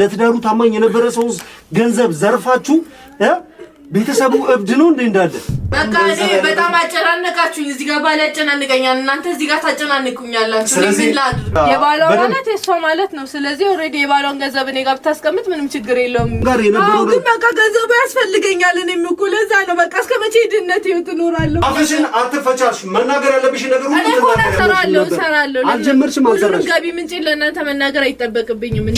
ለትዳሩ ታማኝ የነበረ ሰው ገንዘብ ዘርፋችሁ ቤተሰቡ እብድ ነው እንዴ እንዳለ በቃ እኔ በጣም አጨናነቃችሁኝ። እዚህ ጋር ባል ያጨናንቀኛል፣ እናንተ እዚህ ጋር ታጨናንቁኛላችሁ። የባሏ ማለት የእሷ ማለት ነው። ስለዚህ ኦልሬዲ የባሏን ገንዘብ እኔ ጋር ብታስቀምጥ ምንም ችግር የለውም። ግን በቃ ገንዘቡ ያስፈልገኛል። እኔም እኮ ለዛ ነው በቃ እስከ መቼ ድህነት ይኸው ትኖራለሁ። አፍሽን አትፈቻሽ። መናገር ያለብሽ ነገር ሁሉ እሰራለሁ እሰራለሁ። አልጀመርሽም። ሁሉንም ገቢ ምንጭ ለእናንተ መናገር አይጠበቅብኝም።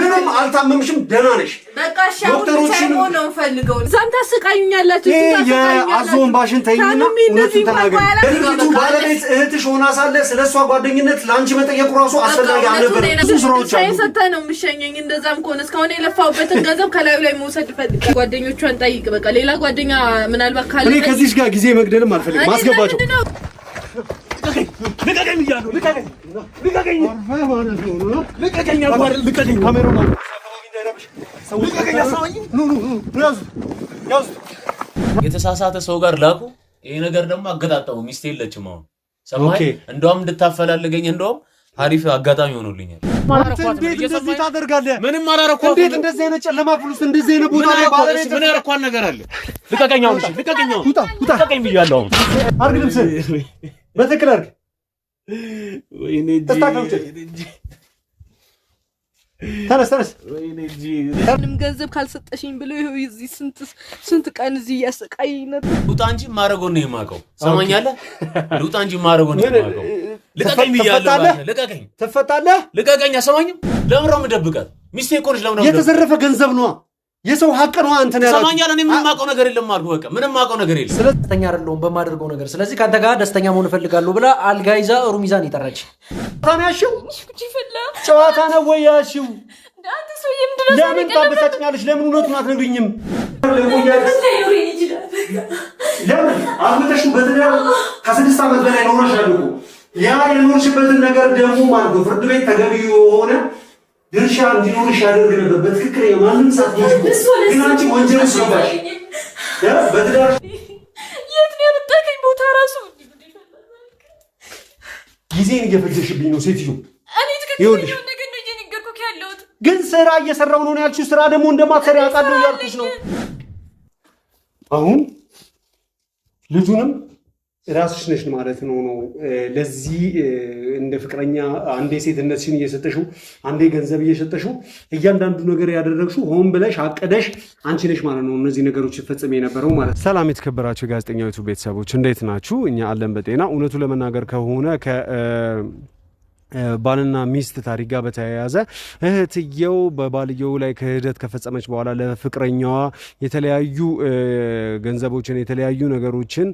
ምንም አልታመምሽም፣ ደህና ነሽ። በቃ ሻሁን ብቻ ነው ፈልገው እዛም ታስቃዩኛላችሁ የአዞን ባሽን ተይኝና እውነቱን ተናገሪ። ድርጊቱ ባለቤት እህትሽ ሆና ሳለ ስለ እሷ ጓደኝነት ለአንቺ መጠየቁ ራሱ አስፈላጊ አልነበረ። ብዙ ስራዎች አሉ። ሰተህ ነው የምሸኘኝ። እንደዛም ከሆነ እስካሁን የለፋሁበትን ገንዘብ ከላዩ ላይ መውሰድ እፈልጋለሁ። ጓደኞቿን ጠይቅ። በቃ ሌላ ጓደኛ ምናልባት ካለ እኔ ከዚህሽ ጋር ጊዜ መግደልም አልፈልግም። አስገባቸው። ልቀቀኝ ልቀቀኝ የተሳሳተ ሰው ጋር ላኩ። ይሄ ነገር ደግሞ አገጣጠሙ። ሚስት የለችም አሁን ሰማይ። እንደውም እንድታፈላልገኝ እንደውም አሪፍ አጋጣሚ ሆኖልኛል። እንዴት እንደዚህ ታደርጋለህ? ምንም እንዴት እንደዚህ አይነት ጨለማ ፍሉስ እንደዚህ አይነት ቦታ ላይ ባለቤት ምን ነገር አለ? ልቀቀኝ ብያለሁ። አርግ በትክክል አርግ። ወይኔ ተነስ ተነስ። ምንም ገንዘብ ካልሰጠሽኝ ብለው ይኸው ስንት ቀን እዚህ ነበር። እንጂ ነው የማውቀው። ሰማኛለህ? እንጂ ነው የማውቀው። ልቀቀኝ ብያለሁ። ልቀቀኝ። ትፈታለህ? ልቀቀኝ። አሰማኝም። ሚስቴ እኮ ነች። ለምንድን የተዘረፈ ገንዘብ ነዋ የሰው ሀቅ ነው። አንተ ነህ ያላችሁ ሰማኛል። እኔ ምንም አውቀው ነገር የለም አልኩህ። በቃ ምንም አውቀው ነገር የለም። ስለዚህ ደስተኛ አይደለሁም በማደርገው ነገር። ስለዚህ ካንተ ጋር ደስተኛ መሆን እፈልጋለሁ ብላ አልጋ ይዛ ሩሚዛን የጠራች ጨዋታ ነው ወይ ያልሽው? ለምን ታበሳጭኛለሽ? ለምን እውነቱን አትነግሪኝም? ለምን አፍልተሽ በትዳር ከስድስት ዓመት በላይ ኖረሻል እኮ ያ የኖርሽበትን ነገር ደግሞ ማለት ነው ፍርድ ቤት ተገቢ የሆነ ድርሻ እንዲኖርሽ ያደርግ ነበር። በትክክል የማንም ሰዓት ግን አንቺ ወንጀል ውስጥ በትዳር የት ነው የምታገኝ ቦታ ራሱ ጊዜን እየፈጀሽብኝ ነው ሴትዮ። ይኸውልሽ ግን ስራ እየሰራሁ ነው ያልሽው ስራ ደግሞ እንደማትሰሪ አውቃለሁ እያልኩሽ ነው አሁን ልጁንም ራስሽ ነሽ ማለት ነው ነው ለዚህ እንደ ፍቅረኛ አንዴ ሴትነትሽን እየሰጠሽው አንዴ ገንዘብ እየሰጠሽው እያንዳንዱ ነገር ያደረግሹ ሆን ብለሽ አቀደሽ አንቺ ነሽ ማለት ነው እነዚህ ነገሮች ይፈጸም የነበረው ማለት ሰላም የተከበራቸው የጋዜጠኛ ዩቱብ ቤተሰቦች እንዴት ናችሁ? እኛ አለን በጤና እውነቱ ለመናገር ከሆነ ባልና ሚስት ታሪክ ጋር በተያያዘ እህትየው በባልየው ላይ ክህደት ከፈጸመች በኋላ ለፍቅረኛዋ የተለያዩ ገንዘቦችን የተለያዩ ነገሮችን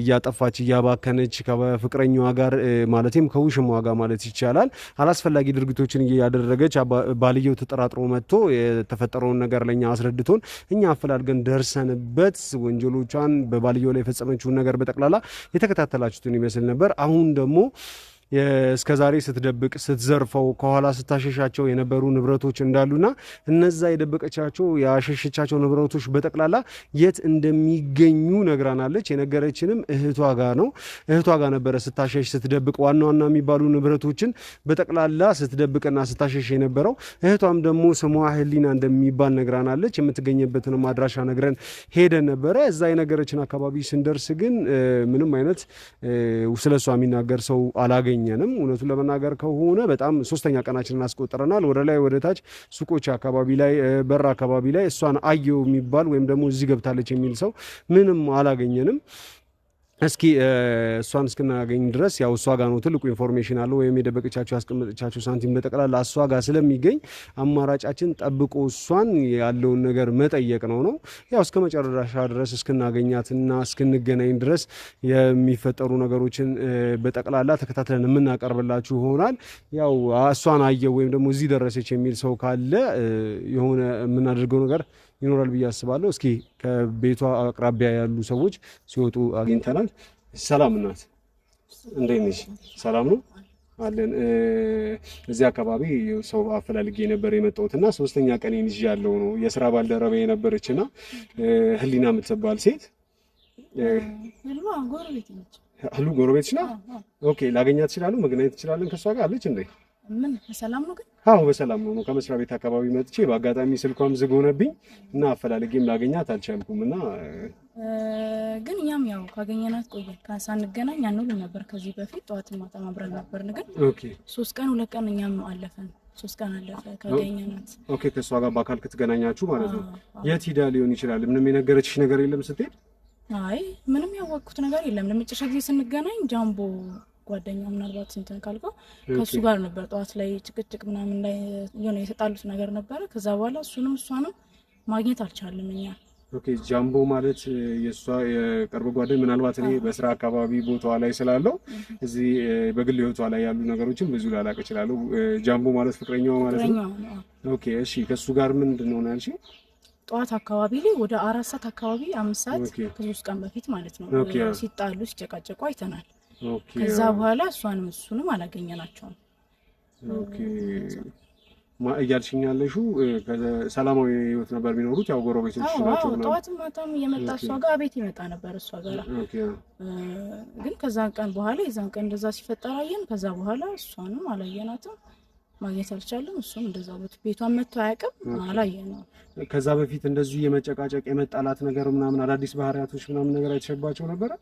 እያጠፋች እያባከነች ከፍቅረኛዋ ጋር ማለትም ከውሽማዋ ጋር ማለት ይቻላል አላስፈላጊ ድርጊቶችን እያደረገች ባልየው ተጠራጥሮ መጥቶ የተፈጠረውን ነገር ለኛ አስረድቶን እኛ አፈላልገን ደርሰንበት ወንጀሎቿን በባልየው ላይ የፈጸመችውን ነገር በጠቅላላ የተከታተላችሁትን ይመስል ነበር። አሁን ደግሞ እስከ ዛሬ ስትደብቅ ስትዘርፈው ከኋላ ስታሸሻቸው የነበሩ ንብረቶች እንዳሉና እነዛ የደበቀቻቸው ያሸሸቻቸው ንብረቶች በጠቅላላ የት እንደሚገኙ ነግራናለች። የነገረችንም እህቷ ጋ ነው። እህቷ ጋር ነበረ ስታሸሽ ስትደብቅ ዋና ዋና የሚባሉ ንብረቶችን በጠቅላላ ስትደብቅና ስታሸሽ የነበረው። እህቷም ደግሞ ስሟ ህሊና እንደሚባል ነግራናለች። የምትገኝበትን አድራሻ ነግረን ሄደን ነበረ። እዛ የነገረችን አካባቢ ስንደርስ ግን ምንም አይነት ስለሷ የሚናገር ሰው አላገኝ አላገኘንም። እውነቱን ለመናገር ከሆነ በጣም ሶስተኛ ቀናችንን አስቆጥረናል። ወደ ላይ ወደ ታች ሱቆች አካባቢ ላይ በር አካባቢ ላይ እሷን አየው የሚባል ወይም ደግሞ እዚህ ገብታለች የሚል ሰው ምንም አላገኘንም። እስኪ እሷን እስክናገኝ ድረስ ያው እሷ ጋ ነው ትልቁ ኢንፎርሜሽን አለው ወይም የደበቀቻቸው ያስቀመጠቻቸው ሳንቲም በጠቅላላ እሷ ጋ ስለሚገኝ አማራጫችን ጠብቆ እሷን ያለውን ነገር መጠየቅ ነው ነው ያው እስከ መጨረሻ ድረስ እስክናገኛትና እስክንገናኝ ድረስ የሚፈጠሩ ነገሮችን በጠቅላላ ተከታትለን የምናቀርብላችሁ ይሆናል። ያው እሷን አየው ወይም ደግሞ እዚህ ደረሰች የሚል ሰው ካለ የሆነ የምናደርገው ነገር ይኖራል ብዬ አስባለሁ። እስኪ ከቤቷ አቅራቢያ ያሉ ሰዎች ሲወጡ አግኝተናል። ሰላም እናት፣ እንዴት ነሽ? ሰላም ነው አለን። እዚህ አካባቢ ሰው አፈላልጌ ነበር የመጣሁት እና ሶስተኛ ቀን ይዤ ያለው ነው። የስራ ባልደረባ የነበረች እና ህሊና የምትባል ሴት ህሉ ጎረቤት ይችላል። ኦኬ ላገኛት እችላለሁ? መገናኘት እችላለን? ከእሷ ጋር አለች እንዴ? ምን በሰላም ነው ግን? አዎ በሰላም ነው። ከመስሪያ ቤት አካባቢ መጥቼ በአጋጣሚ ስልኳም ዝግ ሆነብኝ እና አፈላልጌም ላገኛት አልቻልኩም። እና ግን እኛም ያው ካገኘናት ቆየን ሳንገናኝ አንውልም ነበር ከዚህ በፊት ጠዋትን ማታም አብረን ነበርን። ግን ሶስት ቀን ሁለት ቀን እኛም አለፈን፣ ሶስት ቀን አለፈ ካገኘናት። ኦኬ ከእሷ ጋር በአካል ክትገናኛችሁ ማለት ነው። የት ሂዳ ሊሆን ይችላል? ምንም የነገረችሽ ነገር የለም ስትሄድ? አይ ምንም ያወቅኩት ነገር የለም። ለመጨረሻ ጊዜ ስንገናኝ ጃምቦ ጓደኛው ምናልባት እንትን ካልከው ከእሱ ጋር ነበር ጠዋት ላይ ጭቅጭቅ ምናምን ላይ የሆነ የተጣሉት ነገር ነበረ። ከዛ በኋላ እሱንም እሷንም ማግኘት አልቻልም እኛ ኦኬ ጃምቦ ማለት የእሷ የቅርብ ጓደኝ ምናልባት እኔ በስራ አካባቢ ቦታዋ ላይ ስላለው እዚህ በግል ህይወቷ ላይ ያሉ ነገሮችን ብዙ ላላቅ እችላለሁ። ጃምቦ ማለት ፍቅረኛዋ ማለት ነው። ኦኬ እሺ፣ ከእሱ ጋር ምንድን ነው ያልሽ? ጠዋት አካባቢ ላይ ወደ አራት ሰዓት አካባቢ አምስት ሰዓት ከሶስት ቀን በፊት ማለት ነው ሲጣሉ ሲጨቃጨቁ አይተናል። ከዛ በኋላ እሷንም እሱንም አላገኘናቸውም። እያልሽኛለሹ ሰላማዊ ህይወት ነበር የሚኖሩት? ያው ጎረቤቶች ናቸው። ጠዋትም ማታም እየመጣ እሷ ጋር ቤት ይመጣ ነበር እሷ ጋር ግን ከዛን ቀን በኋላ የዛን ቀን እንደዛ ሲፈጠር አየን። ከዛ በኋላ እሷንም አላየናትም፣ ማግኘት አልቻለም። እሱም እንደዛ ቤቷን መጥቶ አያውቅም፣ አላየነውም። ከዛ በፊት እንደዚሁ የመጨቃጨቅ የመጣላት ነገር ምናምን አዳዲስ ባህሪያቶች ምናምን ነገር አይተሸባቸው ነበረ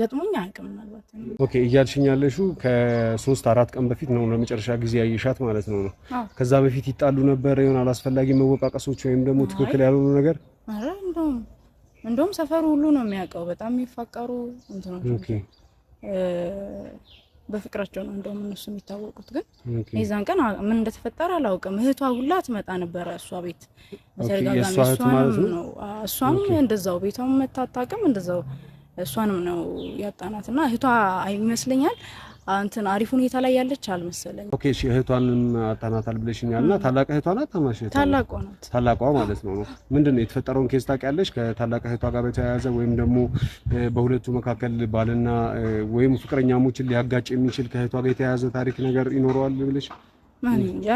ገጥሞኝ አያውቅም። ምናልባት ኦኬ እያልሽኝ ያለሽው ከሶስት አራት ቀን በፊት ነው ለመጨረሻ ጊዜ ያየሻት ማለት ነው ነው ከዛ በፊት ይጣሉ ነበር ይሆን አላስፈላጊ መወቃቀሶች ወይም ደግሞ ትክክል ያልሆኑ ነገር እንደውም እንደውም ሰፈሩ ሁሉ ነው የሚያውቀው። በጣም የሚፋቀሩ እንትኖች በፍቅራቸው ነው እንደውም እነሱ የሚታወቁት። ግን የዛን ቀን ምን እንደተፈጠረ አላውቅም። እህቷ ሁላ ትመጣ ነበረ እሷ ቤት በተደጋጋሚ እሷም ነው እሷም እንደዛው ቤቷም መታታቅም እንደዛው እሷንም ነው ያጣናት እና እህቷ ይመስለኛል እንትን አሪፍ ሁኔታ ላይ ያለች አልመሰለኝ። ኦኬ እሺ፣ እህቷንም አጣናታል ብለሽኛል እና ታላቅ እህቷ ናት ታናሽ እህቷ ታላቋ ናት ታላቋ ማለት ነው። ምንድን ነው የተፈጠረውን ኬስ ታውቂያለሽ? ከታላቅ እህቷ ጋር በተያያዘ ወይም ደግሞ በሁለቱ መካከል ባልና ወይም ፍቅረኛሞችን ሊያጋጭ የሚችል ከእህቷ ጋር የተያያዘ ታሪክ ነገር ይኖረዋል ብለሽ?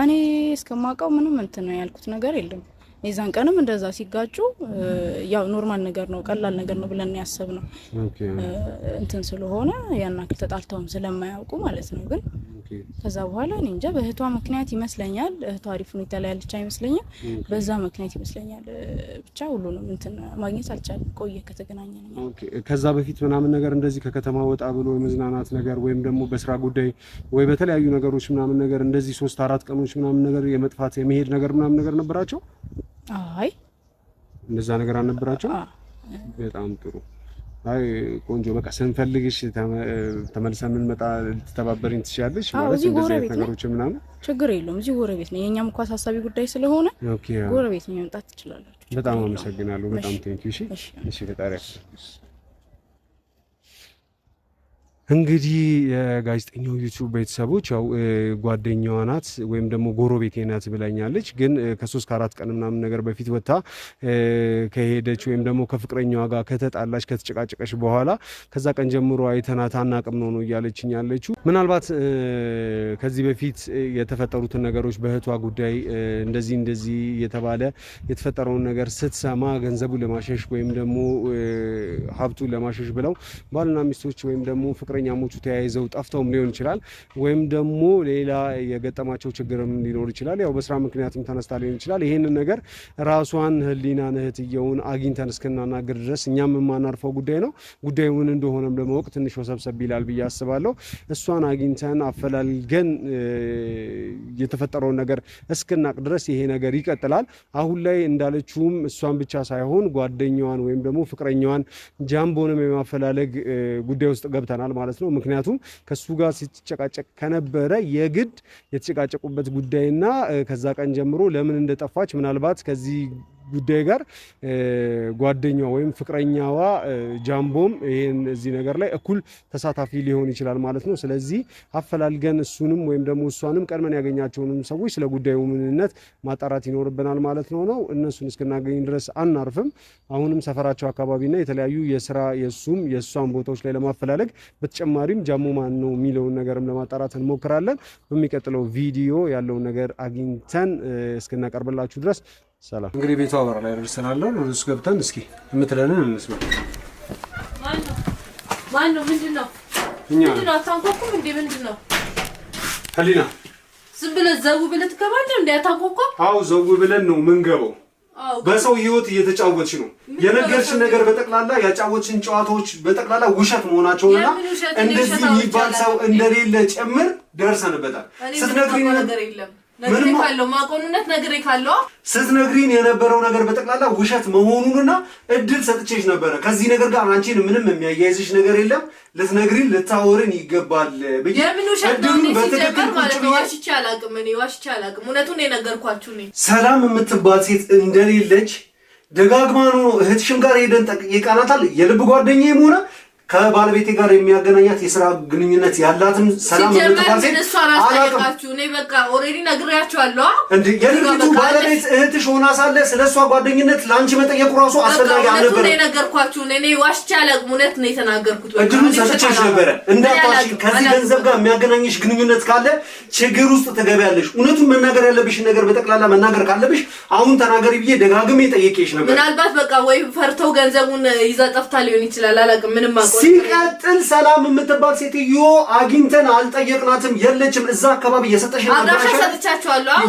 እኔ እስከማውቀው ምንም እንትን ነው ያልኩት ነገር የለም የዛን ቀንም እንደዛ ሲጋጩ ያው ኖርማል ነገር ነው፣ ቀላል ነገር ነው ብለን ያሰብ ነው እንትን ስለሆነ ያን ያክል ተጣልተውም ስለማያውቁ ማለት ነው። ግን ከዛ በኋላ እኔ እንጃ በእህቷ ምክንያት ይመስለኛል፣ እህቷ አሪፍ ሁኔታ ላይ ያለች አይመስለኛል፣ በዛ ምክንያት ይመስለኛል። ብቻ ሁሉንም እንትን ማግኘት አልቻለም፣ ቆየ ከተገናኘ። ከዛ በፊት ምናምን ነገር እንደዚህ ከከተማ ወጣ ብሎ የመዝናናት ነገር ወይም ደግሞ በስራ ጉዳይ ወይ በተለያዩ ነገሮች ምናምን ነገር እንደዚህ ሶስት አራት ቀኖች ምናምን ነገር የመጥፋት የመሄድ ነገር ምናምን ነገር ነበራቸው። አይ እንደዛ ነገር አልነበራቸው። በጣም ጥሩ። አይ ቆንጆ። በቃ ስንፈልግሽ ተመልሰን የምንመጣ ልትተባበሪኝ ትችላለሽ ማለት እዚህ ጎረቤት ነገሮች ምናምን ችግር የለውም። እዚህ ጎረቤት ነው። የእኛም እኮ አሳሳቢ ጉዳይ ስለሆነ ጎረቤት ነው መምጣት ትችላላችሁ። በጣም አመሰግናለሁ። በጣም ቴንኪው። እሺ፣ እሺ። እንግዲህ የጋዜጠኛው ዩቱብ ቤተሰቦች ያው ጓደኛዋ ናት ወይም ደግሞ ጎረቤቴ ናት ብላኛለች። ግን ከሶስት ከአራት ቀን ምናምን ነገር በፊት ወታ ከሄደች ወይም ደግሞ ከፍቅረኛዋ ጋር ከተጣላች ከተጨቃጨቀች በኋላ ከዛ ቀን ጀምሮ አይተናት አናቅም ነው ነው እያለችኝ ያለችው። ምናልባት ከዚህ በፊት የተፈጠሩትን ነገሮች በእህቷ ጉዳይ እንደዚህ እንደዚህ እየተባለ የተፈጠረውን ነገር ስትሰማ ገንዘቡ ለማሸሽ ወይም ደግሞ ሀብቱ ለማሸሽ ብለው ባልና ሚስቶች ወይም ደግሞ ፍቅረኛሞቹ ተያይዘው ጠፍተውም ሊሆን ይችላል፣ ወይም ደግሞ ሌላ የገጠማቸው ችግርም ሊኖር ይችላል። ያው በስራ ምክንያትም ተነስታ ሊሆን ይችላል። ይህንን ነገር ራሷን ህሊና እህትየውን አግኝተን እስክናናገር ድረስ እኛም የማናርፈው ጉዳይ ነው። ጉዳዩን እንደሆነም ለማወቅ ትንሽ ወሰብሰብ ይላል ብዬ አስባለሁ። እሷን አግኝተን አፈላልገን የተፈጠረውን ነገር እስክናቅ ድረስ ይሄ ነገር ይቀጥላል። አሁን ላይ እንዳለችውም እሷን ብቻ ሳይሆን ጓደኛዋን ወይም ደግሞ ፍቅረኛዋን ጃምቦንም የማፈላለግ ጉዳይ ውስጥ ገብተናል። ማለት ነው። ምክንያቱም ከሱ ጋር ሲጨቃጨቅ ከነበረ የግድ የተጨቃጨቁበት ጉዳይና ከዛ ቀን ጀምሮ ለምን እንደጠፋች ምናልባት ከዚህ ጉዳይ ጋር ጓደኛዋ ወይም ፍቅረኛዋ ጃምቦም ይሄን እዚህ ነገር ላይ እኩል ተሳታፊ ሊሆን ይችላል ማለት ነው። ስለዚህ አፈላልገን እሱንም ወይም ደግሞ እሷንም ቀድመን ያገኛቸውንም ሰዎች ስለ ጉዳዩ ምንነት ማጣራት ይኖርብናል ማለት ነው ነው እነሱን እስክናገኝ ድረስ አናርፍም። አሁንም ሰፈራቸው አካባቢና የተለያዩ የስራ የእሱም የእሷን ቦታዎች ላይ ለማፈላለግ በተጨማሪም ጃሞ ማን ነው የሚለውን ነገርም ለማጣራት እንሞክራለን። በሚቀጥለው ቪዲዮ ያለውን ነገር አግኝተን እስክናቀርብላችሁ ድረስ ሰላም። እንግዲህ ቤቷ በር ላይ ደርሰናል። ውስጥ ገብተን እስኪ የምትለንን እንስማ። ማነው? ምንድን ነው? አታንኳኩም እንዴ? ምንድን ነው ህሊና? ዝም ብለህ ዘው ብለህ ትገባለህ እንዴ? አታንኳኩም? አዎ ዘው ብለን ነው የምንገባው። በሰው ህይወት እየተጫወትሽ ነው። የነገርሽን ነገር በጠቅላላ ያጫወትሽን ጨዋታዎች በጠቅላላ ውሸት መሆናቸውና እንደዚህ የሚባል ሰው እንደሌለ ጭምር ደርሰንበታል። ስትነግሪኝ ነገር የለም ማቆኑነት ነግሬ ካለው ስትነግሪን የነበረው ነገር በጠቅላላ ውሸት መሆኑንና እድል ሰጥቼሽ ነበረ። ከዚህ ነገር ጋር አንቺን ምንም የሚያያይዝሽ ነገር የለም። ልትነግሪን ልታወሪን ይገባል ማለት ዋሽቼ አላቅም እኔ ዋሽቼ አላቅም። እውነቱን የነገርኳችሁ ሰላም የምትባል ሴት እንደሌለች ደጋግማ ነው እህትሽም ጋር ሄደን ጠቅ ቃናታል የልብ ጓደኛዬም ሆነ ከባለቤቴ ጋር የሚያገናኛት የስራ ግንኙነት ያላትም ሰላም እኔ የልጅቱ ባለቤት እህትሽ ሆና ሳለ ስለ እሷ ጓደኝነት ለአንቺ መጠየቁ ራሱ አስፈላጊ አልነበረ። ነገርኳችሁ። እድሉን ሰጥቼሽ ነበረ እንዳታሽ። ከዚህ ገንዘብ ጋር የሚያገናኝሽ ግንኙነት ካለ ችግር ውስጥ ትገቢያለሽ። እውነቱን መናገር ያለብሽን ነገር በጠቅላላ መናገር ካለብሽ አሁን ተናገሪ ብዬ ደጋግሜ ጠየቄሽ ነበር። ምናልባት በቃ ወይ ፈርተው ገንዘቡን ይዛ ጠፍታ ሊሆን ይችላል። አላውቅም ምንም አቆ ሲቀጥል ሰላም የምትባል ሴትዮ አግኝተን አልጠየቅናትም፣ የለችም እዛ አካባቢ። የሰጠሽን አድራሻ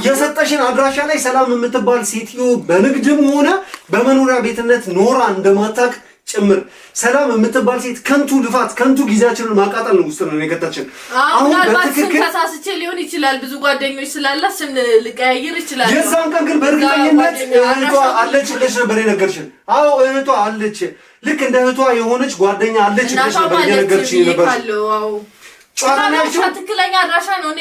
የሰጠሽን አድራሻ ላይ ሰላም የምትባል ሴትዮ በንግድም ሆነ በመኖሪያ ቤትነት ኖራ እንደማታቅ ጭምር ሰላም የምትባል ሴት ከንቱ ልፋት ከንቱ ጊዜያችንን ማቃጠል ነው ውስጥ ነው የከታችን። አሁን በትክክል ተሳስቼ ሊሆን ይችላል፣ ብዙ ጓደኞች ስላላ ስም ልቀያየር ይችላል። የዛን ቀን ግን በእርግጠኝነት እህቷ አለች ብለሽ ነበር የነገርሽን። አዎ እህቷ አለች ልክ እንደ እህቷ የሆነች ጓደኛ አለች ነበር እየነገረችኝ ነበር። ትክክለኛ አድራሻ ነው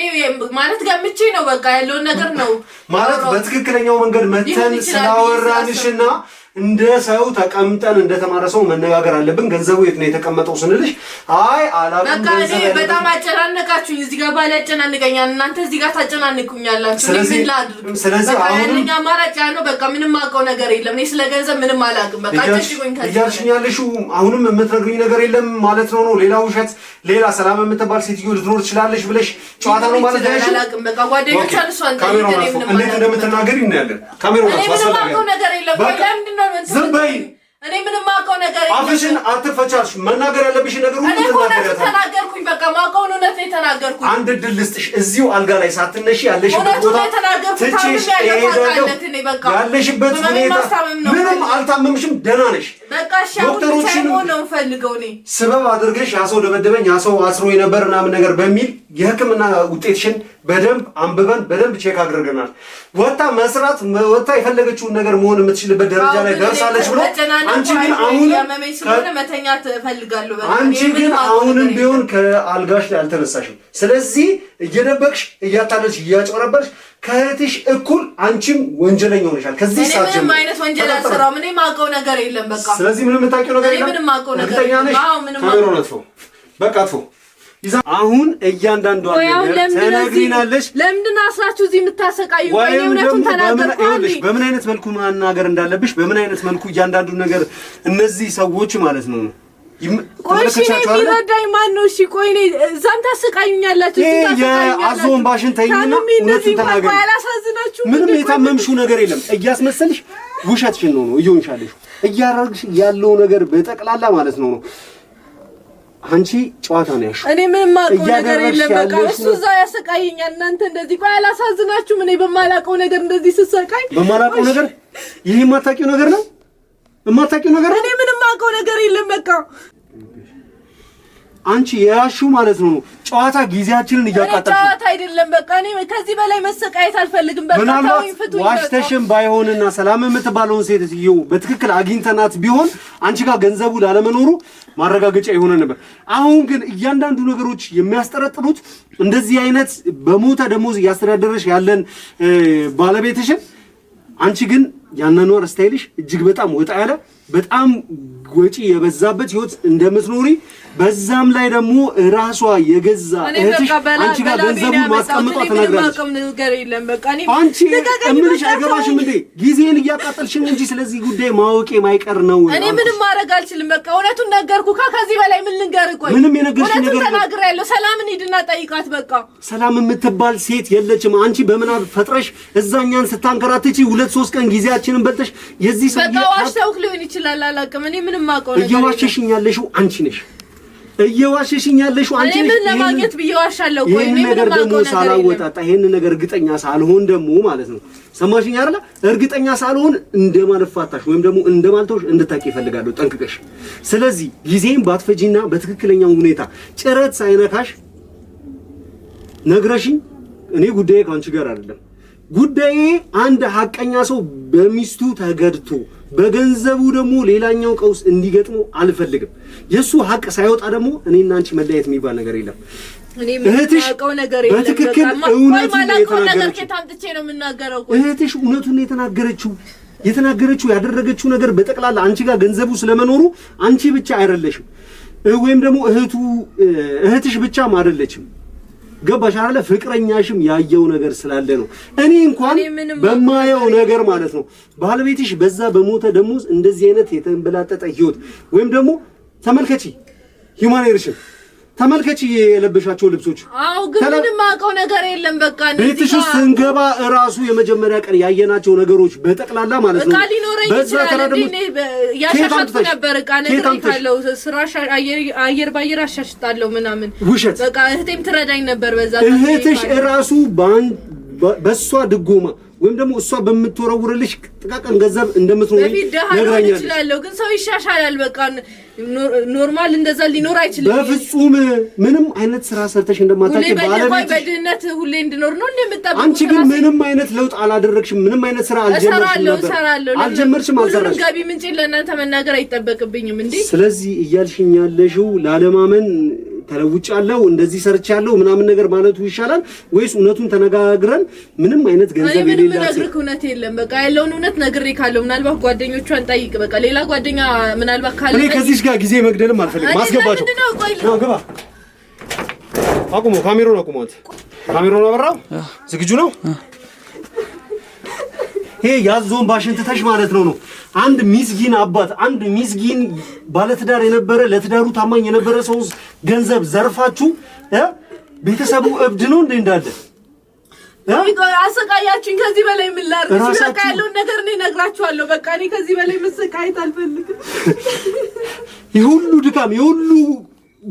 ማለት ገምቼ ነው። በቃ ያለውን ነገር ነው ማለት በትክክለኛው መንገድ መተን ስላወራንሽና እንደ ሰው ተቀምጠን እንደተማረ ሰው መነጋገር አለብን። ገንዘቡ የት ነው የተቀመጠው ስንልሽ አይ አላውቅም። በቃ እኔ በጣም አጨናነቃችሁኝ። እዚህ ጋር ባለ ያጨናንቀኛል፣ እናንተ እዚህ ጋር ታጨናንቁኛላችሁ። ስለዚህ ስለዚህ ያለኝ አማራጭ ያ ነው። በቃ ምንም አውቀው ነገር የለም። እኔ ስለ ገንዘብ ምንም አላቅም። በቃ አጨሽቆኝ እያልሽኝ ያለሽው አሁንም የምትነግሪኝ ነገር የለም ማለት ነው ነው ሌላ ውሸት፣ ሌላ ሰላም የምትባል ሴትዮ ልትኖር ትችላለች ብለሽ ጨዋታ ነው ማለት ነው። አላቅም። በቃ ጓደኞች አልሷን እንዴት እንደምትናገሪ እናያለን። ካሜራው ነው ነገር የለም። በቃ ምንድነው ዝም በይ እኔ ምንም አውቀው ነገር አፍሽን አትፈቻልሽ። መናገር ያለብሽ ነገር ሁሉ ትናገሪያለሽ። ተናገርኩኝ፣ በቃ ማውቀውን እውነት ነው የተናገርኩኝ። አንድ ድል ልስጥሽ። እዚሁ አልጋ ላይ ሳትነሺ ያለሽበት ቦታ ትችሽ ያለሽበት ሁኔታ ምንም አልታመምሽም፣ ደህና ነሽ። ዶክተሮችን ነው ፈልገው ስበብ አድርገሽ ያ ሰው ደበደበኝ፣ ያ ሰው አስሮ የነበር ምናምን ነገር በሚል የሕክምና ውጤትሽን በደንብ አንብበን በደንብ ቼክ አድርገናል። ወታ መስራት ወታ የፈለገችውን ነገር መሆን የምትችልበት ደረጃ ላይ ደርሳለች ብሎ አንቺ ግን አንቺ ግን አሁንም ቢሆን ከአልጋሽ ላይ አልተነሳሽም። ስለዚህ እየደበቅሽ እያታለልሽ እያጭበረበርሽ ከእህትሽ እኩል አንቺም ወንጀለኛ ሆነሻል። ከዚህ ሰዓት ጀምሮ ምንም አይነት ወንጀል አልሰራሁም። እኔ የማውቀው ነገር የለም። በቃ ስለዚህ ምንም የምታውቂው ነገር የለም። ምንም የማውቀው ነገር የለም። በቃ አጥፎ አሁን እያንዳንዱ ተነግሪናለሽ። ለምንድን አስራችሁ እዚህ የምታሰቃዩ? እውነቱን ተናገርኩልሽ። በምን አይነት መልኩ ማናገር እንዳለብሽ፣ በምን አይነት መልኩ እያንዳንዱ ነገር እነዚህ ሰዎች ማለት ነው ቆይሽ ማን ነው? እሺ ቆይ እኔ እዛም ታሰቃዩኛላችሁ። የአዞን ባሽን ምንም የታመምሽው ነገር የለም። እያስመሰልሽ ውሸትሽን ነው ነው እየሆንሻለሽ ያለው ነገር በጠቅላላ ማለት ነው ነው አንቺ ጨዋታ ነው ያልሽው። እኔ ምንም አውቀው ነገር የለም። በቃ እሱ እዛ ያሰቃየኛል። እናንተ እንደዚህ ቆይ፣ አላሳዝናችሁም? እኔ በማላውቀው ነገር እንደዚህ ስሰቃይ፣ በማላውቀው ነገር ይሄ የማታውቂው ነገር ነው። የማታውቂው ነገር እኔ ምንም አውቀው ነገር የለም። በቃ አንቺ የያሹ ማለት ነው። ጨዋታ ጊዜያችንን እያቃጠልሽ ጨዋታ አይደለም። በቃ እኔ ከዚህ በላይ መሰቃየት አልፈልግም። በቃ ታውኝ ዋሽተሽም ባይሆንና ሰላም የምትባለውን ሴትዮ በትክክል አግኝተናት ቢሆን አንቺ ጋር ገንዘቡ ላለመኖሩ ማረጋገጫ የሆነ ነበር። አሁን ግን እያንዳንዱ ነገሮች የሚያስጠረጥሩት እንደዚህ አይነት በሞተ ደሞዝ እያስተዳደረሽ ያለን ባለቤትሽን አንቺ ግን ያናኗር ስታይልሽ እጅግ በጣም ወጣ ያለ በጣም ወጪ የበዛበት ህይወት እንደምትኖሪ በዛም ላይ ደግሞ ራሷ የገዛ እህትሽ አንቺ ጋር ገንዘቡ ማስቀምጧ ተናግራለች። አንቺ እምልሽ አይገባሽም እንዴ? ጊዜን እያቃጠልሽን እንጂ ስለዚህ ጉዳይ ማወቄ ማይቀር ነው። እኔ ምንም ማድረግ አልችልም። በቃ እውነቱን ነገርኩ። ከዚህ በላይ ምን ልንገር? ቆይ ምንም የነገርሽ ነገር ያለው ሰላምን ሂድና ጠይቃት። በቃ ሰላም የምትባል ሴት የለችም። አንቺ በምናብ ፈጥረሽ እዛኛን ስታንከራትቺ ሁለት ሶስት ቀን ጊዜያችንን በልተሽ የዚህ ሰው በቃ ዋሽተውክ ሊሆን ይችላል። አላውቅም። እኔ ምንም አውቀው ነገር እየዋሸሽኝ ያለሽው አንቺ ነሽ። እየዋሸሽኝ ያለሽው አንቺ ነሽ። ምን ለማግኘት ብዬ ዋሻለሁ? ቆይ ምን ነገር ደግሞ ሳላወጣጣ ይሄን ነገር እርግጠኛ ሳልሆን ደግሞ ማለት ነው። ሰማሽኝ አይደለ? እርግጠኛ ሳልሆን እንደማልፋታሽ ወይም ደግሞ እንደማልተውሽ እንድታቂ ይፈልጋለሁ ጠንቅቀሽ። ስለዚህ ጊዜም ባትፈጂና በትክክለኛው ሁኔታ ጭረት ሳይነካሽ ነግረሽኝ፣ እኔ ጉዳዬ ከአንቺ ጋር አይደለም። ጉዳዬ አንድ ሀቀኛ ሰው በሚስቱ ተገድቶ በገንዘቡ ደግሞ ሌላኛው ቀውስ እንዲገጥሙ አልፈልግም። የእሱ ሀቅ ሳይወጣ ደግሞ እኔና አንቺ መለያየት የሚባል ነገር የለም። እህትሽ በትክክል እህትሽ እውነቱን የተናገረችው የተናገረችው ያደረገችው ነገር በጠቅላላ አንቺ ጋር ገንዘቡ ስለመኖሩ አንቺ ብቻ አይደለሽም፣ ወይም ደግሞ እህቱ እህትሽ ብቻም አይደለችም። ገባሽ አይደለ? ፍቅረኛሽም ያየው ነገር ስላለ ነው። እኔ እንኳን በማየው ነገር ማለት ነው ባለቤትሽ በዛ በሞተ ደሞዝ እንደዚህ አይነት የተንበላጠጠ ህይወት ወይም ደግሞ ተመልከቺ ሂማን ሂውማን ተመልከች የለበሻቸው ልብሶች። አዎ፣ ግን ምንም አውቀው ነገር የለም። በቃ ቤትሽ ውስጥ ስንገባ እራሱ የመጀመሪያ ቀን ያየናቸው ነገሮች በጠቅላላ ማለት ነው። እቃ ሊኖረኝ ይችላል። ያሻሻጥኩ ነበር እቃ ነግሬሻለሁ። ስራ አየር ባየር አሻሽጣለሁ ምናምን ውሸት። በቃ እህቴም ትረዳኝ ነበር በዛ። እህትሽ እራሱ በሷ ድጎማ ወይም ደግሞ እሷ በምትወረውርልሽ ጥቃቅን ገንዘብ እንደምትኖር ነግራኛለች። ይችላልው ግን ሰው ይሻሻላል። በቃ ኖርማል እንደዛ ሊኖር አይችልም። በፍጹም ምንም አይነት ስራ ሰርተሽ እንደማታውቂ ባለቤት በድህነት ሁሌ እንድኖር ነው እንደምጣበቅ። አንቺ ግን ምንም አይነት ለውጥ አላደረግሽም። ምንም አይነት ስራ አልጀመርሽም ነበር አልጀመርሽም፣ አልሰራሽም። ገቢ ምንጭ ለእናንተ መናገር አይጠበቅብኝም እንዴ። ስለዚህ እያልሽኝ ያለሽው ላለማመን ተለውጫለሁ፣ እንደዚህ ሰርቻለሁ ምናምን ነገር ማለቱ ይሻላል ወይስ እውነቱን ተነጋግረን ምንም አይነት ገንዘብ ምንም የሌላት እውነት የለም። በቃ ያለውን እውነት ነግሬ ካለው ምናልባት ጓደኞቿን ጠይቅ። በቃ ሌላ ጓደኛ ምናልባት ካለ እኔ ከዚህ ጋር ጊዜ መግደልም አልፈልግም። ማስገባቸው ግባ። አቁሞ ካሜሮን አንተ ካሜሮን አበራው ዝግጁ ነው። ይሄ ያዞን ባሽንት ተሽ ማለት ነው ነው አንድ ሚስጊን አባት አንድ ሚስጊን ባለትዳር የነበረ ለትዳሩ ታማኝ የነበረ ሰው ገንዘብ ዘርፋችሁ ቤተሰቡ እብድ ነው እንዴ እንዳለ አሰቃያችን። ከዚህ በላይ ምን ላድርግ? በቃ ያለውን ነገር እኔ እነግራችኋለሁ። በቃ እኔ ከዚህ በላይ መሰቃየት አልፈልግም። የሁሉ ድካም የሁሉ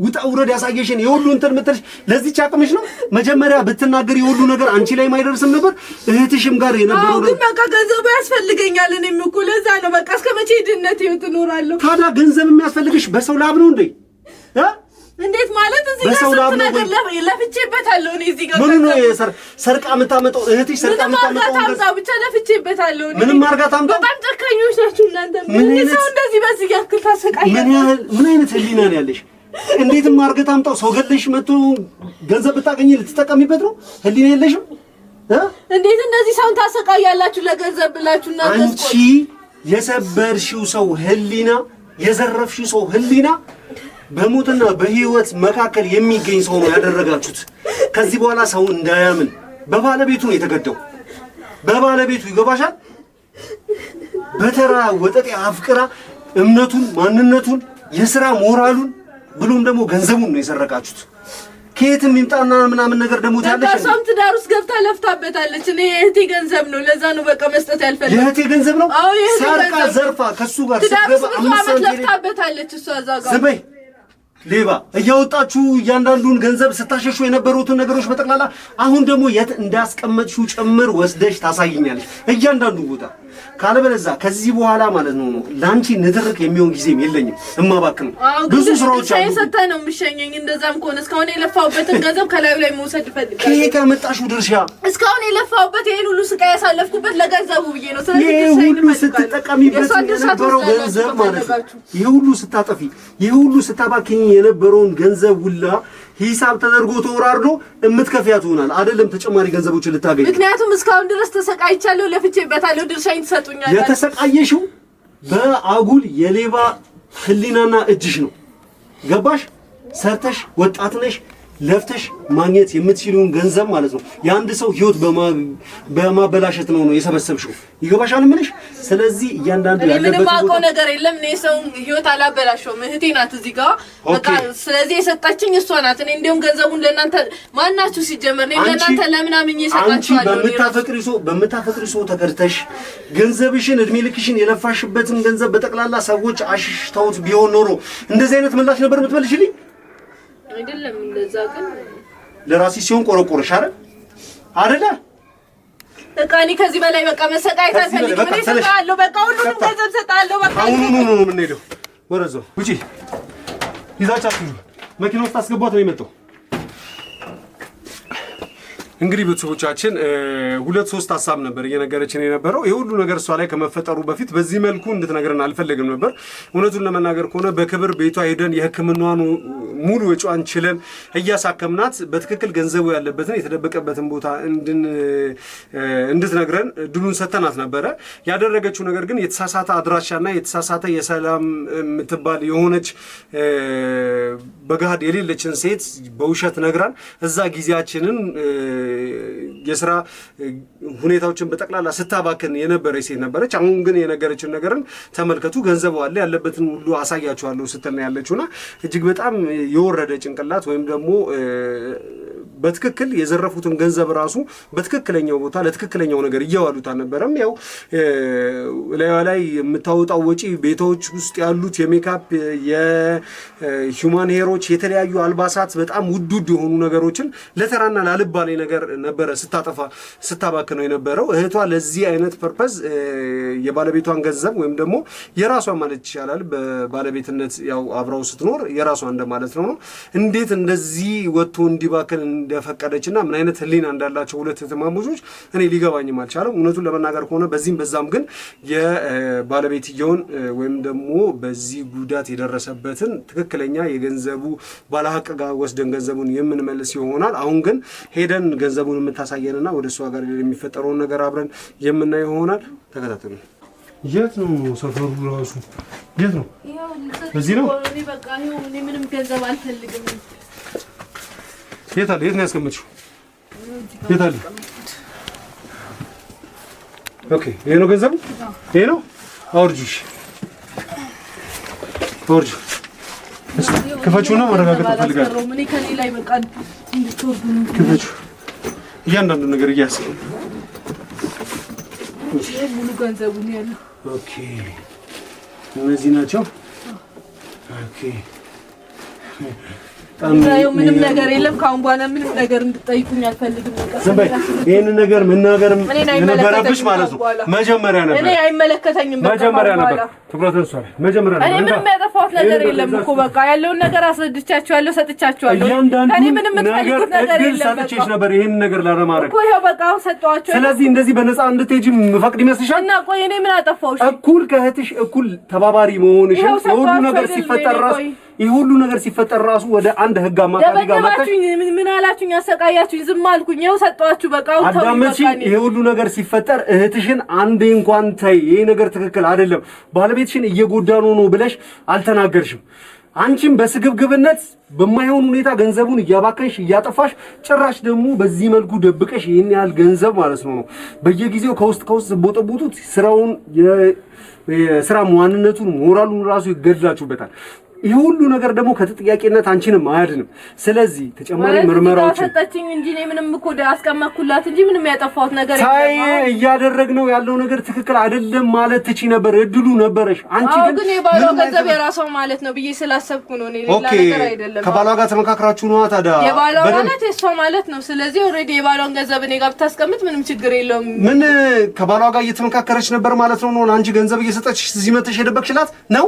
ውጣ ውረድ ያሳየሽን የሁሉ እንትን ምትልሽ ለዚች አቅምሽ ነው። መጀመሪያ ብትናገር የሁሉ ነገር አንቺ ላይ ማይደርስም ነበር፣ እህትሽም ጋር የነበረው ግን በቃ ገንዘቡ ያስፈልገኛል። እኔም እኮ ለዛ ነው በቃ እስከ መቼ ድነት ህይወት እኖራለሁ? ታዲያ ገንዘብ የሚያስፈልግሽ በሰው ላብ ነው እንዴ? እንዴት ማለት እዚህ ጋር ሰው ስንት ነገር ለፍቼበታለሁ እኔ እዚህ ጋር ምን ነው ሰርቃ የምታመጣው እህትሽ ሰርቃ የምታመጣው ታምጣው፣ ብቻ ለፍቼበታለሁ እኔ ምንም አድርጋ ታምጣው። በጣም ጨካኞች ናችሁ እናንተ ምን ሰው እንደዚህ በዚህ ያክል ታሰቃያለሽ ምን ምን አይነት ህሊና ነው ያለሽ እንዴትም አድርገህ ታምጣው። ሰው ገለሽ መቶ ገንዘብ ብታገኝ ልትጠቀሚበት ነው። ህሊና የለሽም። እንዴት እነዚህ ሰውን ታሰቃያላችሁ? ለገንዘብ ብላችሁ እና አንቺ የሰበርሽው ሰው ህሊና፣ የዘረፍሽው ሰው ህሊና በሞትና በህይወት መካከል የሚገኝ ሰው ነው ያደረጋችሁት። ከዚህ በኋላ ሰው እንዳያምን በባለቤቱ ነው የተገደው። በባለቤቱ ይገባሻል። በተራ ወጠጤ አፍቅራ እምነቱን፣ ማንነቱን፣ የስራ ሞራሉን ብሎም ደግሞ ገንዘቡን ነው የሰረቃችሁት። ከየትም ይምጣና ምናምን ነገር ደግሞ ታለሽ። እሷም ትዳር ውስጥ ገብታ ለፍታበታለች። እኔ የእህቴ ገንዘብ ነው፣ ለዛ ነው በቃ መስጠት ያልፈለ። የእህቴ ገንዘብ ነው አዎ፣ ሰርቃ ዘርፋ ከሱ ጋር ለፍታበታለች። እሷ እዛ ጋር ዝም ሌባ እያወጣችሁ እያንዳንዱን ገንዘብ ስታሸሹ የነበሩትን ነገሮች በጠቅላላ አሁን ደግሞ የት እንዳስቀመጥሽው ጭምር ወስደሽ ታሳይኛለሽ እያንዳንዱ ቦታ ካለበለዛ ከዚህ በኋላ ማለት ነው ለአንቺ ንትርክ የሚሆን ጊዜም የለኝም። እማባክ ነው ብዙ ስራዎች አሉ። ሰተህ ነው የምትሸኘኝ? እንደዛም ከሆነ እስካሁን የለፋሁበትን ገንዘብ ከላዩ ላይ መውሰድ እፈልጋለሁ። ከእኔ ከመጣሽው ድርሻ እስካሁን የለፋሁበት ይሄን ሁሉ ስቃይ ያሳለፍኩበት ለገንዘቡ ብዬ ነው። ስለዚህ ይሄ ሁሉ ስትጠቀሚበት የነበረው ገንዘብ ማለት ነው ይሄ ሁሉ ስታጠፊ፣ ይሄ ሁሉ ስታባክኝ የነበረውን ገንዘብ ሁላ ሂሳብ ተደርጎ ተወራርዶ እምትከፍያት ይሆናል። አይደለም ተጨማሪ ገንዘቦችን ልታገኝ። ምክንያቱም እስካሁን ድረስ ተሰቃይቻለሁ፣ ለፍቼበታለሁ፣ ድርሻዬን ትሰጡኛል። የተሰቃየሽው በአጉል የሌባ ህሊናና እጅሽ ነው። ገባሽ? ሰርተሽ ወጣት ነሽ፣ ለፍተሽ ማግኘት የምትችሉን ገንዘብ ማለት ነው። የአንድ ሰው ህይወት በማበላሸት ነው ነው የሰበሰብሽው። ይገባሻል ምንሽ። ስለዚህ እያንዳንዱ ያለበት ምንም ነገር የለም። እኔ ሰውን ህይወት አላበላሸውም። እህቴ ናት እዚህ ጋር በቃ። ስለዚህ የሰጣችኝ እሷ ናት። እኔ እንዲያውም ገንዘቡን ለእናንተ ማናችሁ ሲጀመር እኔ ለእናንተ ለምናምኝ የሰጣችኋለሁ። በምታፈቅሪ ሰው በምታፈቅሪ ሰው ተከድተሽ ገንዘብሽን እድሜ ልክሽን የለፋሽበትን ገንዘብ በጠቅላላ ሰዎች አሽሽተውት ቢሆን ኖሮ እንደዚህ አይነት ምላሽ ነበር የምትመልሽልኝ? አይደለም እንደዛ ግን ለራሴ ሲሆን ቆረቆረሽ አረ አረለ በቃ እኔ ከዚህ በላይ በቃ መሰቃየት አልፈልግም። በቃ እሰጥሀለሁ፣ በቃ ሁሉንም ገንዘብ እሰጥሀለሁ። በቃ አሁን ኑ ነው የምንሄደው። ወረዛው ውጪ ይዛቻችሁ መኪና ውስጥ አስገቧት ነው የመጣው እንግዲህ ቤተሰቦቻችን ሁለት ሶስት ሀሳብ ነበር እየነገረችን የነበረው። የሁሉ ነገር እሷ ላይ ከመፈጠሩ በፊት በዚህ መልኩ እንድትነግረን አልፈለግም ነበር። እውነቱን ለመናገር ከሆነ በክብር ቤቷ ሄደን የሕክምናዋን ሙሉ ወጪዋን ችለን እያሳከምናት በትክክል ገንዘቡ ያለበትን የተደበቀበትን ቦታ እንድትነግረን ድሉን ሰተናት ነበረ። ያደረገችው ነገር ግን የተሳሳተ አድራሻና የተሳሳተ የሰላም የምትባል የሆነች በገሃድ የሌለችን ሴት በውሸት ነግራን እዛ ጊዜያችንን የስራ ሁኔታዎችን በጠቅላላ ስታባክን የነበረች ሴት ነበረች። አሁን ግን የነገረችን ነገርን ተመልከቱ፣ ገንዘብ አለ፣ ያለበትን ሁሉ አሳያችኋለሁ ስትል ነው ያለችውና እጅግ በጣም የወረደ ጭንቅላት ወይም ደግሞ በትክክል የዘረፉትን ገንዘብ ራሱ በትክክለኛው ቦታ ለትክክለኛው ነገር እያዋሉት አልነበረም። ያው ላዩ ላይ የምታወጣው ወጪ ቤቶች ውስጥ ያሉት የሜካፕ የሂውማን ሄሮች፣ የተለያዩ አልባሳት፣ በጣም ውድ ውድ የሆኑ ነገሮችን ለተራና ላልባሌ ነገር ነገር ነበረ ስታጠፋ ነው የነበረው። እህቷ ለዚህ አይነት ፐርፐዝ የባለቤቷን ገንዘብ ወይም ደግሞ የራሷ ማለት ይቻላል በባለቤትነት ያው አብረው ስትኖር የራሷ እንደማለት ነው ነው እንዴት እንደዚህ ወጥቶ እንዲባክን እንደፈቀደችና ምን አይነት ህሊና እንዳላቸው ሁለት እህትማማቾች እኔ ሊገባኝም አልቻለም። እውነቱን ለመናገር ከሆነ በዚህም በዛም ግን የባለቤትየውን ወይም ደግሞ በዚህ ጉዳት የደረሰበትን ትክክለኛ የገንዘቡ ባለሀቅ ጋር ወስደን ገንዘቡን የምንመልስ ይሆናል። አሁን ግን ሄደን ገንዘቡን የምታሳየንና ወደ እሷ ጋር የሚፈጠረውን ነገር አብረን የምናየው ይሆናል። ተከታተሉ። የት ነው ሰፈሩ? ራሱ የት ነው? እዚህ ነው። ምንም ገንዘብ አልፈልግም። የት አለ? የት ነው ያስቀመጥሽው? የት አለ? ኦኬ፣ ይሄ ነው ገንዘቡ። ይሄ ነው። አውርጂሽ፣ አውርጂ። ክፈቹና ማረጋገጥ ነው። ክፈቹ እያንዳንዱ ነገር እያስብ ሙሉ ገንዘቡ ያለ እነዚህ ናቸው ምንም ነገር የለም። ከአሁን በኋላ ምንም ነገር እንድጠይቁኝ አልፈልግም። ዝም በይ። ነገር መናገር ማለት ነው መጀመሪያ ነበር። እኔ አይመለከተኝም መጀመሪያ ነበር። ትኩረት እሷ መጀመሪያ ነበር። እኔ ምንም ያጠፋሁት ነገር የለም እኮ በቃ ያለውን ነገር አስረድቻችኋለሁ፣ ሰጥቻችኋለሁ። ምንም የምትፈልጉት ነገር የለም። ሰጥቼሽ ነበር ነገር ላለማድረግ እኮ ይኸው በቃ አሁን ሰጠኋቸው። ስለዚህ እንደዚህ በነፃ እንድትሄጂ ይመስልሻል? እና ቆይ እኔ ምን አጠፋሁሽ? እኩል ከእህትሽ እኩል ተባባሪ የሁሉ ነገር ሲፈጠር ራሱ የሁሉ ነገር ሲፈጠር ራሱ ወደ አንድ አንድ ህግ አማካሪ ጋር መጣችሁ። ምን አላችሁኝ? አሰቃያችሁኝ። ዝም አልኩኝ። ይኸው ሰጠኋችሁ። በቃ ይሄ ሁሉ ነገር ሲፈጠር እህትሽን አንዴ እንኳን ይሄ ነገር ትክክል አይደለም፣ ባለቤትሽን እየጎዳ ነው ብለሽ አልተናገርሽም። አንቺም በስግብግብነት በማይሆን ሁኔታ ገንዘቡን እያባከንሽ እያጠፋሽ፣ ጭራሽ ደግሞ በዚህ መልኩ ደብቀሽ ይህን ያህል ገንዘብ ማለት ነው ነው በየጊዜው ከውስጥ ከውስጥ ቦጠቦቱት ስራውን የስራ ማንነቱን ሞራሉን ራሱ ይገድላችሁበታል። ይህ ሁሉ ነገር ደግሞ ከተጠያቂነት አንቺንም አያድንም። ስለዚህ ተጨማሪ ምርመራዎች ሰጠችኝ እንጂ እኔ ምንም እኮ አስቀመጥኩላት እንጂ ምንም ያጠፋሁት ነገር ሳይ እያደረግነው ያለው ነገር ትክክል አይደለም ማለት ትቺ ነበር፣ እድሉ ነበረሽ። አንቺ ግን የባሏ ገንዘብ የራሷ ማለት ነው ብዬ ስላሰብኩ ነው። እኔ ሌላ ነገር አይደለም። ከባሏ ጋር ተመካክራችሁ ነው ታዲያ? የባሏ ማለት የሷ ማለት ነው። ስለዚህ ኦልሬዲ የባሏን ገንዘብ እኔ ጋር ብታስቀምጥ ምንም ችግር የለውም። ምን ከባሏ ጋር እየተመካከረች ነበር ማለት ነው? አንቺ ገንዘብ እየሰጠች እዚህ መተሽ የደበቅሽላት ነው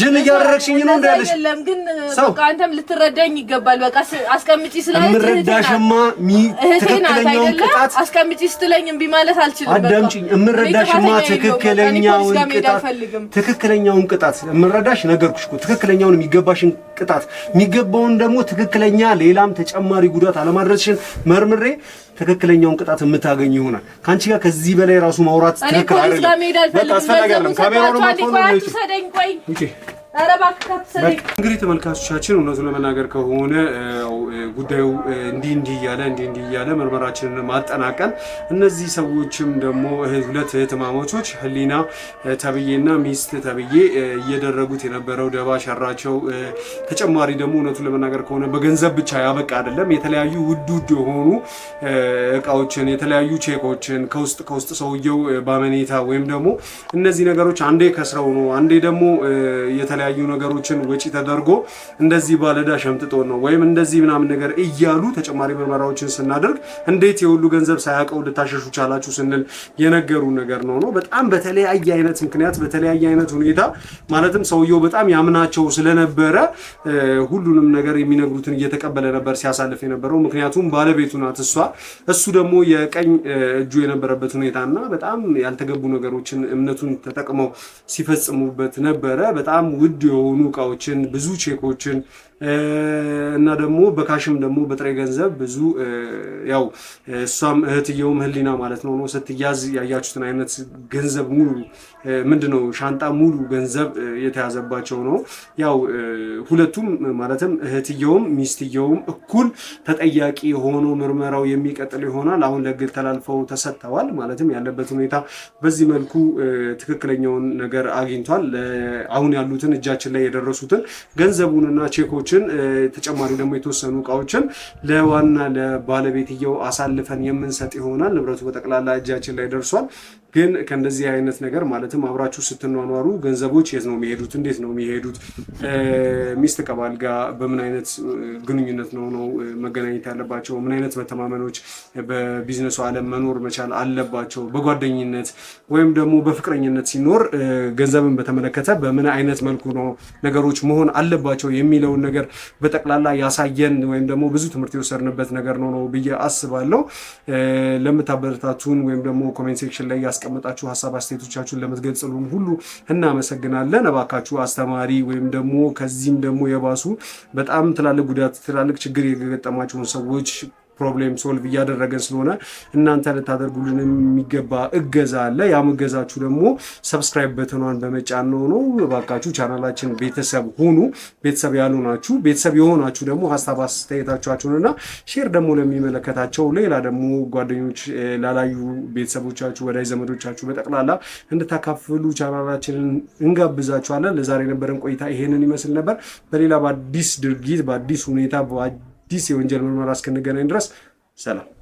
ጅን እያደረግሽኝ ነው እንዳለሽ አይደለም። ግን በቃ አንተም ልትረዳኝ ይገባል። በቃ አስቀምጪ ስላለኝ እምረዳሽማ ሚ ትክክለኛውን ቅጣት አስቀምጪ ስትለኝ እምቢ ማለት አልችልም። አዳምጪኝ። እምረዳሽማ ትክክለኛውን ቅጣት ትክክለኛውን ቅጣት እምረዳሽ ነገርኩሽ እኮ ትክክለኛውን የሚገባሽን ቅጣት የሚገባውን ደግሞ ትክክለኛ ሌላም ተጨማሪ ጉዳት አለማድረስሽን መርምሬ ትክክለኛውን ቅጣት የምታገኝ ይሆናል። ከአንቺ ጋር ከዚህ በላይ ራሱ ማውራት ትክክል አይደለም። በቃ አስፈላጊ አይደለም። ካሜራውን ማጥፋት ነው። እንግዲህ ተመልካቾቻችን እውነቱን ለመናገር ከሆነ ጉዳዩ እንዲህ እንዲህ እያለ እንዲህ እንዲህ እያለ ምርመራችንን ማጠናቀን እነዚህ ሰዎችም ደግሞ ሁለት እህትማማቾች ህሊና ተብዬና ሚስት ተብዬ እየደረጉት የነበረው ደባ ሸራቸው ተጨማሪ ደግሞ እውነቱን ለመናገር ከሆነ በገንዘብ ብቻ ያበቃ አይደለም። የተለያዩ ውድ ውድ የሆኑ እቃዎችን፣ የተለያዩ ቼኮችን ከውስጥ ከውስጥ ሰውየው ባመኔታ ወይም ደግሞ እነዚህ ነገሮች አንዴ ከስረው ነው አንዴ ደግሞ የተለያዩ የተለያዩ ነገሮችን ወጪ ተደርጎ እንደዚህ ባለዳ ሸምጥጦ ነው ወይም እንደዚህ ምናምን ነገር እያሉ ተጨማሪ ምርመራዎችን ስናደርግ እንዴት የሁሉ ገንዘብ ሳያውቀው ልታሸሹ ቻላችሁ ስንል የነገሩ ነገር ነው ነው በጣም በተለያየ አይነት ምክንያት በተለያየ አይነት ሁኔታ ማለትም ሰውየው በጣም ያምናቸው ስለነበረ ሁሉንም ነገር የሚነግሩትን እየተቀበለ ነበር ሲያሳልፍ የነበረው። ምክንያቱም ባለቤቱ ናት እሷ፣ እሱ ደግሞ የቀኝ እጁ የነበረበት ሁኔታ እና በጣም ያልተገቡ ነገሮችን እምነቱን ተጠቅመው ሲፈጽሙበት ነበረ። በጣም ውድ ውድ የሆኑ እቃዎችን ብዙ ቼኮችን እና ደግሞ በካሽም ደግሞ በጥሬ ገንዘብ ብዙ ያው እሷም እህትየውም ህሊና ማለት ነው ነው ስትያዝ ያያችሁትን አይነት ገንዘብ ሙሉ ምንድን ነው ሻንጣ ሙሉ ገንዘብ የተያዘባቸው ነው። ያው ሁለቱም ማለትም እህትየውም ሚስትየውም እኩል ተጠያቂ ሆኖ ምርመራው የሚቀጥል ይሆናል። አሁን ለግል ተላልፈው ተሰጥተዋል። ማለትም ያለበት ሁኔታ በዚህ መልኩ ትክክለኛውን ነገር አግኝቷል። አሁን ያሉትን እጃችን ላይ የደረሱትን ገንዘቡንና ቼኮችን እቃዎችን ተጨማሪ ደግሞ የተወሰኑ እቃዎችን ለዋና ለባለቤትየው አሳልፈን የምንሰጥ ይሆናል። ንብረቱ በጠቅላላ እጃችን ላይ ደርሷል። ግን ከእንደዚህ አይነት ነገር ማለትም አብራችሁ ስትኗኗሩ ገንዘቦች የት ነው የሚሄዱት? እንዴት ነው የሚሄዱት? ሚስት ከባል ጋር በምን አይነት ግንኙነት ነው ነው መገናኘት ያለባቸው? ምን አይነት መተማመኖች በቢዝነሱ ዓለም መኖር መቻል አለባቸው? በጓደኝነት ወይም ደግሞ በፍቅረኝነት ሲኖር ገንዘብን በተመለከተ በምን አይነት መልኩ ነው ነገሮች መሆን አለባቸው የሚለውን ነገር ነገር በጠቅላላ ያሳየን ወይም ደግሞ ብዙ ትምህርት የወሰድንበት ነገር ነው ነው ብዬ አስባለሁ። ለምታበረታቱን ወይም ደግሞ ኮሜንት ሴክሽን ላይ ያስቀመጣችሁ ሀሳብ አስተያየቶቻችሁን ለምትገልጽሉን ሁሉ እናመሰግናለን። እባካችሁ አስተማሪ ወይም ደግሞ ከዚህም ደግሞ የባሱ በጣም ትላልቅ ጉዳት ትላልቅ ችግር የገጠማቸውን ሰዎች ፕሮብሌም ሶልቭ እያደረገን ስለሆነ እናንተ ልታደርጉልን የሚገባ እገዛ አለ። ያም እገዛችሁ ደግሞ ሰብስክራይብ በተኗን በመጫን ነው ነው። እባካችሁ ቻናላችን ቤተሰብ ሁኑ። ቤተሰብ ያልሆናችሁ ቤተሰብ የሆናችሁ ደግሞ ሀሳብ እና ሼር ደግሞ ለሚመለከታቸው ሌላ ደግሞ ጓደኞች ላላዩ ቤተሰቦቻችሁ፣ ወዳጅ ዘመዶቻችሁ በጠቅላላ እንድታካፍሉ ቻናላችንን እንጋብዛችኋለን። ለዛሬ የነበረን ቆይታ ይሄንን ይመስል ነበር። በሌላ በአዲስ ድርጊት በአዲስ ሁኔታ አዲስ የወንጀል ምርመራ እስክንገናኝ ድረስ ሰላም።